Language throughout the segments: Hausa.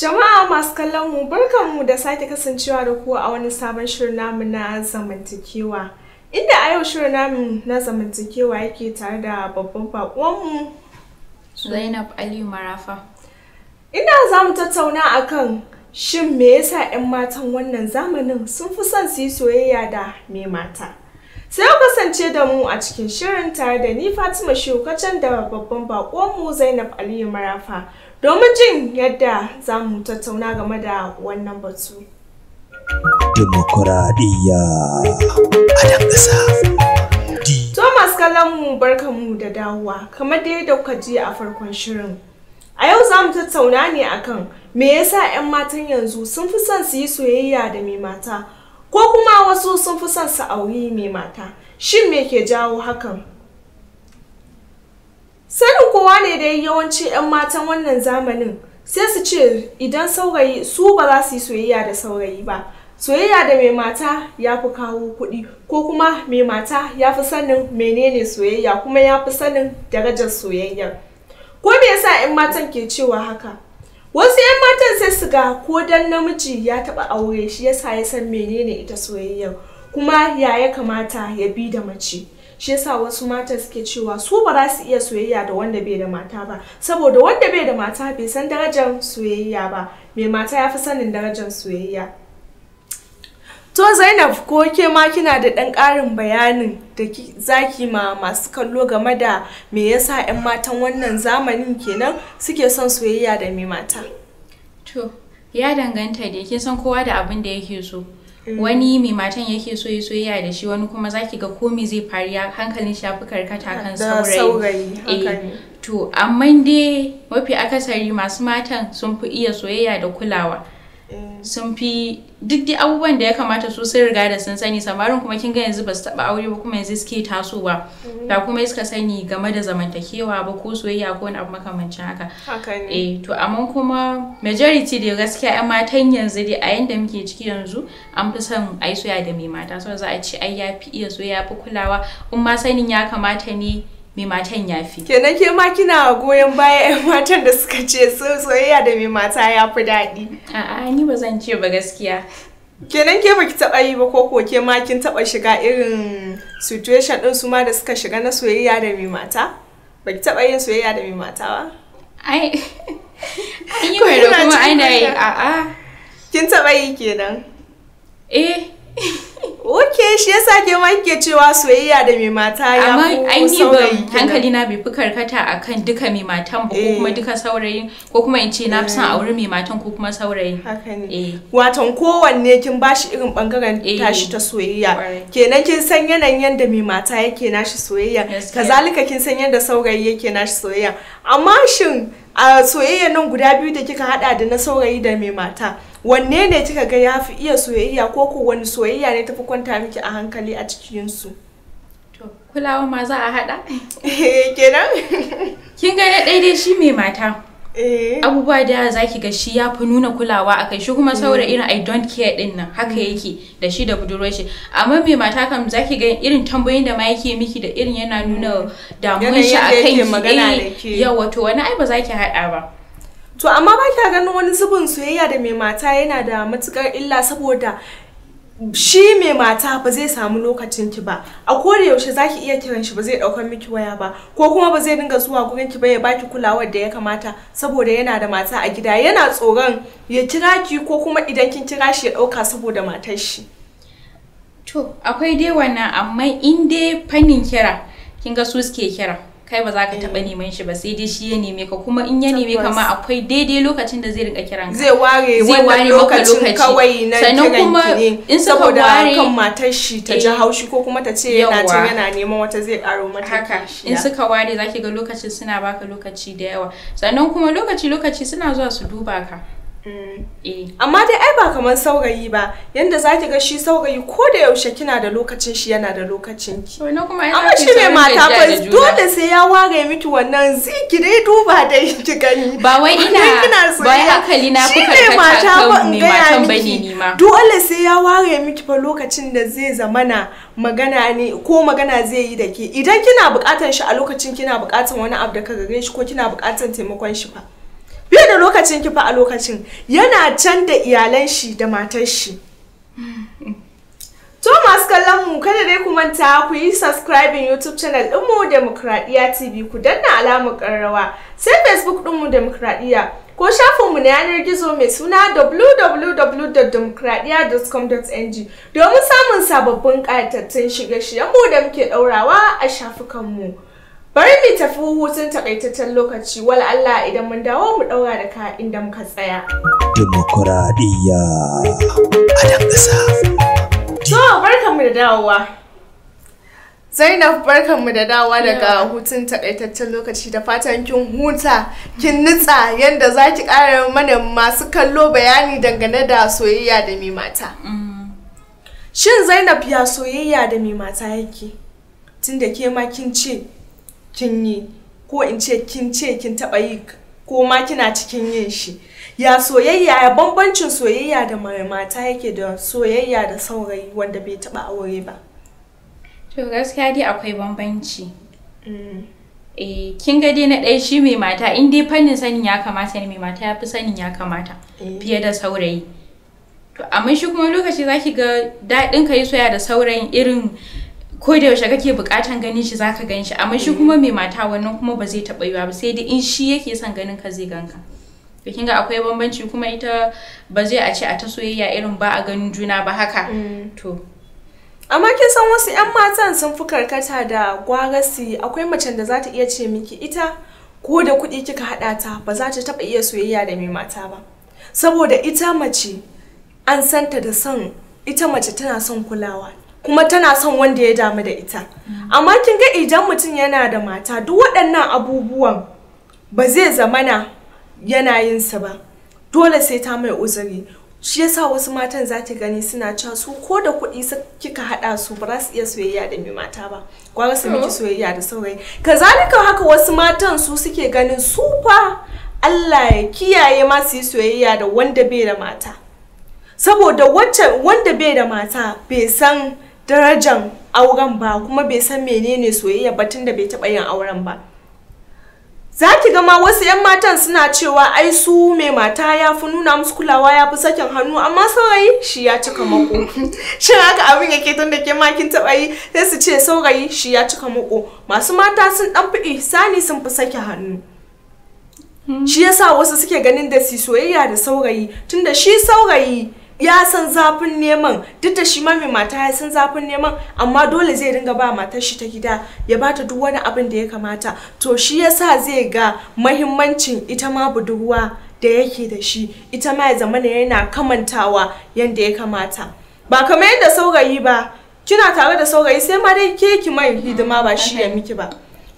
Jama'a masu kallon mu barkanmu da sake kasancewa da ku a wani sabon shirin namu na zamantakewa. Inda a yau shirin namu na zamantakewa yake tare da babban mu Zainab Aliyu Marafa. Ina za mu tattauna akan shin me yasa 'yan matan wannan zamanin sun fi son su yi soyayya da mai mata. Sai ku kasance da mu a cikin shirin tare da ni Fatima Shukacan da babban mu Zainab Aliyu Marafa. domin jin yadda za mu tattauna game da wannan batu. Demokuraɗiyya a dan ƙasa. Thomas Kalamu barkanmu da dawowa kamar da kuka ji a farkon shirin. A yau za mu tattauna ne akan me yasa 'yan matan yanzu sun fi son su yi soyayya da mai mata ko kuma wasu sun fi son su auri mai mata. Shin me ke jawo hakan? sanin kowa ne da yawanci 'yan matan wannan zamanin sai su ce idan saurayi su ba za su yi soyayya da saurayi ba soyayya da mai mata ya fi kawo kuɗi ko kuma mai mata ya fi sanin menene soyayya kuma ya fi sanin darajar soyayyar ko me yasa 'yan matan ke cewa haka wasu 'yan matan sai su ga ko dan namiji ya taɓa aure shi yasa ya san menene ita soyayyar kuma ya ya kamata ya bi da mace shi yasa wasu mata suke cewa su ba za su iya soyayya da wanda bai da mata ba saboda wanda bai da mata bai san darajar soyayya ba mai mata ya fi sanin darajar soyayya to zainab ko ke ma kina da ɗan ƙarin bayanin da zaki ma masu kallo game da me yasa 'yan matan wannan zamanin kenan suke son soyayya da mai mata to ya danganta da ke san kowa da abin da yake so Mm. wani mai matan yake so ya soyayya da shi wani kuma zaki ga komai zai ya hankalin shafi karkata kan saurayi eh, to amma dai mafi akasari masu matan sun fi iya soyayya da kulawa sun fi duk da abubuwan da ya kamata su sun riga da sun sani samarin kuma kin ga yanzu ba su taba aure ba kuma yanzu suke tasowa ba mm-hmm. kuma suka sani game da zamantakewa ba ko soyayya ko wani abu makamancin haka eh to amma kuma majority da gaskiya yan matan yanzu dai a yanda muke ciki yanzu an fi son ai soyayya da mai mata saboda za a ce ai yafi iya soyayya fi kulawa in ma sanin ya kamata ne mai matan ya fi. Kenan ke ma kina goyon baya 'yan matan da suka ce soyayya da mai mata ya fi daɗi. A'a ni ba zan ce ba gaskiya. Kenan ke baki taɓa yi ba ko ke ma kin taɓa shiga irin situation ɗin su ma da suka shiga na soyayya da mai mata? Baki taɓa yin soyayya da mai mata ba? Ai, an yi kuma ana yi a'a. Kin taɓa yi kenan? Eh. ok shi yasa ke ma cewa soyayya da mai mata ya amma ai ni ainihin hankali na bai fi karkata akan duka mai matan ba ko kuma eh. duka saurayi ko kuma in ce na fi son eh. aure mai matan ko kuma saurayi. haka ne eh. watan kowanne kin ba shi irin bangaren tashi ta soyayya kenan kin san yanayin yadda mai mata yake nashi soyayya kazalika kin san yadda saurayi yake nashi soyayya amma shin a soyayya nan guda biyu da kika hada da na saurayi da mai mata wanne ne kika ga ya fi iya soyayya ko ko wani soyayya ne tafi kwanta miki a hankali a cikin to kulawa ma za a hada eh, kenan kin ga na daidai shi mai mata eh abubuwa da za ki ga shi ya fi nuna kulawa a kai shi kuma mm. saboda irin i don't care din nan haka mm. yake da shi da budurwar shi amma mai mata kam za ki ga irin tambayoyin da ma yake miki da irin yana nuna mm. damuwar shi a kan ki eh, yawa to wani ai ba za ki haɗa ba to amma ba kya ganin wani zubin soyayya da mai mata yana da matukar illa saboda shi mai mata ba zai samu lokacin ki ba a koda yaushe zaki iya kiran shi ba zai daukar miki waya ba ko kuma ba zai dinga zuwa gurin ki ba ya baki kulawar da ya kamata saboda yana da mata a gida yana tsoron ya kira ki ko kuma idan kin kira shi ya dauka saboda matar shi to akwai dai wannan amma in dai fannin kira kin ga su suke kira kai ba za ka taɓa eh. neman shi ba sai dai shi ya neme ka kuma in ya neme ka ma akwai daidai lokacin da zai rinka kiran ka zai ware wannan lokacin kawai na kiran kuma in saboda kan matar shi ta ji eh. haushi ko kuma ta ce yana ta yana neman wata zai karo mata haka in suka ware zaki ga lokacin suna baka lokaci da yawa sannan kuma lokaci lokaci suna zuwa su duba ka Eh. Amma dai ai ba kamar saurayi ba, yanda za ki ga shi saurayi ko da yaushe kina da lokacin shi yana da lokacin ki. Amma shi mai mata fa dole sai ya ware miki wannan ziki dai duba da ki gani. Ba wai ina ba wai hankali na kuka karkata kan ne matan bane ni ma. Dole sai ya ware miki fa lokacin da zai zamana magana ne ko magana zai yi da ke. Idan kina bukatar shi a lokacin kina bukatar wani abu da ka gare shi ko kina bukatar taimakon shi fa. biyu da lokacin ki fa a lokacin yana can da iyalan shi da matar shi. Hmm. To masu kallon mu kada dai ku manta ku yi subscribing YouTube channel ɗinmu Demokradiyya TV ku danna alamar karrawa sai Facebook ɗinmu Demokradiyya ko shafinmu na yanar gizo mai suna www.demokradiyya.com.ng domin samun sababbin ƙayatattun shirye shiyanmu da muke ɗaurawa a shafukanmu. Bari mu tafi hutun takaitaccen lokaci wal Allah idan mun dawo mu daura da ka inda muka tsaya. demokradiya a dan ƙasa. To barkanmu da dawowa. Zainab barkanmu da dawowa daga hutun takaitaccen lokaci da fatan kin huta kin nutsa yadda zaki ƙara mana masu kallo bayani dangane da soyayya da mai mata. Mm. Shin Zainab ya soyayya da mai mata yake? Tunda ke ma kin ce kin yi ko in ce kin ce kin taɓa yi ko ma kina cikin yin shi ya soyayya ya bambancin soyayya da mata yake da soyayya da saurayi wanda bai taɓa aure ba to gaskiya dai akwai bambanci mm. eh kin ga dai na ɗaya shi mai mata in dai fannin sanin ya kamata ne mai mata ya fi sanin ya kamata eh. fiye da saurayi to amma shi kuma lokaci zaki ga daɗin ka yi soya da saurayin irin ko da yaushe kake bukatan ganin shi zaka gan shi amma shi mm. kuma mai mata wannan kuma ba zai taba yiwa ba sai dai in shi yake son ganin ka zai ganka to kinga akwai bambanci kuma ita ba zai a ce a ta soyayya irin ba a ganin juna ba haka mm. to amma kin san wasu yan matan sun fi karkata da gwagasi akwai macen da za ta iya ce miki ita ko da kuɗi kika haɗa ta ba za ta taɓa iya soyayya da mai mata ba saboda ita mace an santa da son ita mace tana son kulawa kuma tana son wanda ya damu da ita mm. amma kin ga idan mutum yana da mata duk waɗannan abubuwan ba zai zamana yana yin su ba dole sai ta mai uzuri shi yasa wasu matan za ki gani suna cewa su ko da kuɗi kika haɗa su ba za su iya soyayya da mai mata ba gwara su miki oh. soyayya da saurayi kazalika haka wasu matan su suke ganin su fa Allah ya kiyaye ma su yi soyayya da wanda bai da mata saboda wanda bai da mata bai san darajan auren ba kuma bai san menene soyayya ba tunda bai taɓa yin auren ba za ki ga wasu 'yan matan suna cewa ai su mai mata ya fi nuna musu kulawa ya fi sakin hannu amma saurayi shi ya cika mako shin haka abin yake tun da ke makin taɓa yi sai su ce saurayi shi ya cika mako masu mata sun ɗan fi sani sun fi sake hannu hmm. shi yasa wasu suke ganin da su soyayya da saurayi tunda shi saurayi ya san zafin neman duk da shi ma mai mata ya san zafin neman amma dole zai ringa ba matar shi ta gida ya bata duk wani abin da ya kamata to shi yasa zai ga mahimmancin ita ma budurwa da yake da shi ita ma ya zama ne yana kamantawa yanda ya kamata ba kamar yadda saurayi ba kina tare da saurayi sai ma dai ke ki mai hidima ba shi ya miki ba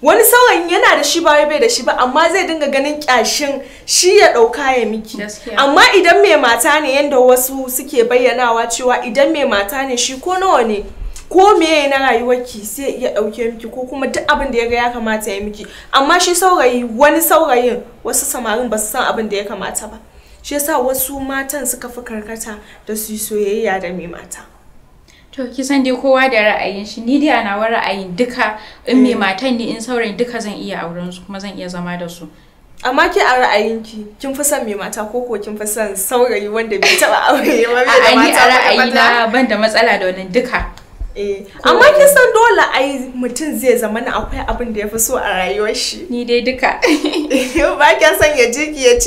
wani sauran yana da shi ba bai da shi ba amma zai dinga ganin kyashin shi ya ɗauka ya miki amma idan mai mata ne yadda wasu suke bayyanawa cewa idan mai mata ne shi ko nawa ne ko meye na rayuwarki sai iya ɗauke miki ko kuma duk abin da ya ga ya kamata ya miki amma shi saurayi wani saurayin wasu samarin ba su san abin da ya kamata ba shi yasa wasu matan suka fi karkata da su soyayya da mai mata To ki san dai kowa da ra'ayin shi ni dai a nawa ra'ayin duka in mai mm. matan ne in saurayi duka zan iya auren su kuma zan iya zama da su. Amma ke a ki kin fi son mai mata ko ko kin fi son saurayi wanda bai taba aure ba bai a ni a ra'ayina ban da matsala da wannan duka. Eh, amma kin san dole ai mutum zai zama na akwai abin da ya fi so a rayuwar shi ni dai duka eh, ba kin san ya ji ki ya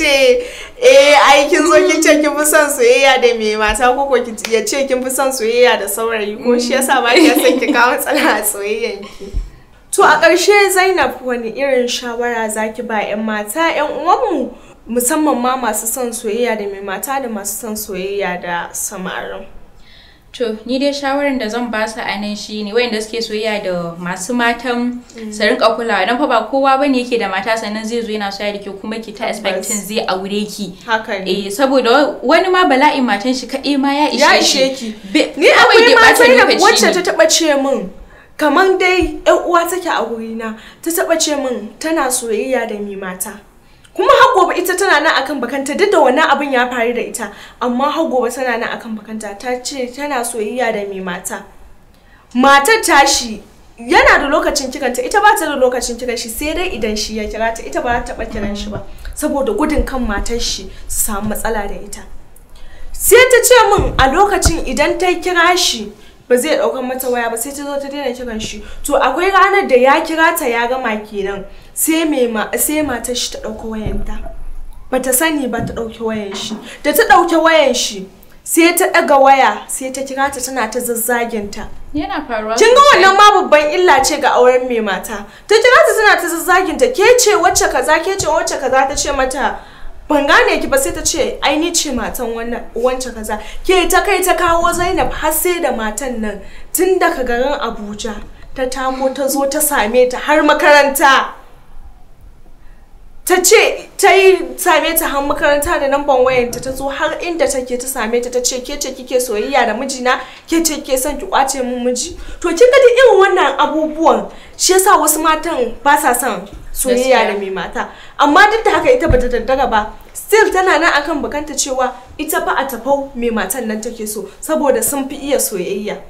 eh ai kin zo kin ce kin fi son soyayya da mai mata ko ko ya ce kin fi son soyayya da saurayi ko shi yasa ba kin san ki kawo tsala a soyayyan ki to a ƙarshe Zainab wani irin shawara zaki ba 'yan mata 'yan uwanmu musamman ma masu son soyayya da mai mata da masu son soyayya da samarin To, ni dai shawarar da zan ba su a nan shi ne wayanda suke soyayya da masu matan mm. su rinka kulawa don fa ba kowa bane yake da mata sannan zai zo yana soyayya da ke kuma ki ta expecting zai aure ki. Eh saboda wani ma bala'in matan shi kadai ma ya ishe Ya ishe ki. Ni akwai mata da wacce ta taba ce min kamar dai 'yan uwa take a wurina ta taba ce min tana soyayya da mi mata. Kuma ita tana nan akan bakanta duk da wannan abin ya faru da ita amma har gobe tana nan akan bakanta ta ce tana soyayya da mai mata matar tashi yana da lokacin kiranta ita ba ta da lokacin kiran shi sai dai idan shi ya kira ta ita ba ta taɓa kiran shi ba saboda gudun kan matar shi su samu matsala da ita sai ta ce min a lokacin idan ta kira shi ba zai dauka mata waya ba sai ta zo ta daina kiran shi to akwai ranar da ya kira ta ya gama kenan sai matar shi ta ɗauko wayanta bata sani ba ta ɗauki wayan shi da ta ɗauki wayan shi sai ta daga waya sai ta kira ta tana ta zazzaginta yana faruwa kin ga wannan ma babban illa ce ga auren mai mata ta kira ta tana ta zazzaginta ke ce wacce kaza ke ce wacce kaza ta ce mata ban gane ki ba sai ta ce ai ni ce matan wannan wancan kaza ke ta kai ta kawo Zainab har sai da matan nan tun daga garin Abuja ta tamo ta zo ta same ta har makaranta ta ce ta yi same ta har makaranta da number wayanta ta zo har inda take ta same ta ta ce ke ce kike soyayya da mijina ke ce ke son ki kwace mun miji to kin ga irin wannan abubuwan shi yasa wasu matan ba sa son soyayya da mai mata amma duk da haka ita bata daddara ba still tana nan akan bakanta cewa ita fa a tafau mai matan nan take so saboda sun fi iya soyayya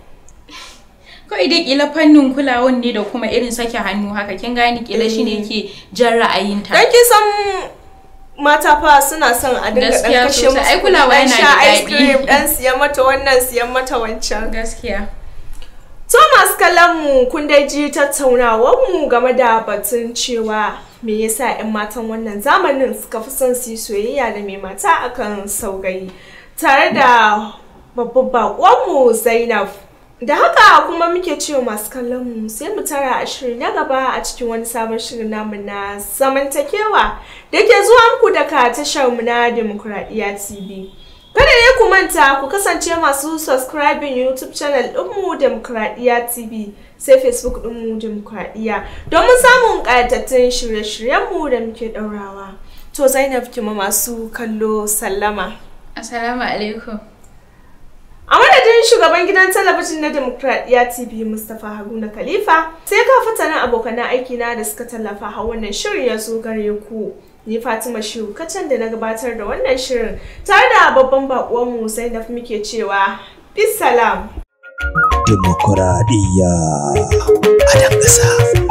kawai dai kila fannin kulawa ne da kuma irin saki hannu haka kin gane kila eh. shine yake jan ra'ayinta dan kin san mata fa suna son a dinga dan kashe musu ai kulawa yana da ice cream dan siyan mata wannan siyan mata wancan gaskiya to masu kallon mu kun dai ji tattaunawar mu game da batun cewa me yasa yan matan wannan zamanin suka fi son su yi soyayya da mai mata akan saugayi tare da babban bakonmu Zainab Da haka kuma muke cewa masu kallon mu sai mu tara a shiri na gaba a cikin wani sabon shirin namu na zamantakewa da ke zuwa muku daga tashar mu na Demokuraɗiyya TV. Kada ne ku manta ku kasance masu subscribing YouTube channel ɗinmu Demokuraɗiyya TV sai Facebook ɗinmu Demokuraɗiyya domin samun ƙayatattun shirye shiryen mu da muke ɗaurawa. To Zainab kima masu kallo sallama. Assalamu alaikum. shugaban gidan talabijin na Demokradiyya TV Mustapha Haruna Khalifa sai ka fitanin abokan aiki da suka tallafa har wannan shirin ya zo gare ku. Ni Fatima Shehu kacan da na gabatar da wannan shirin tare da babban mu sai na muke cewa bisalam. Demokradiyya a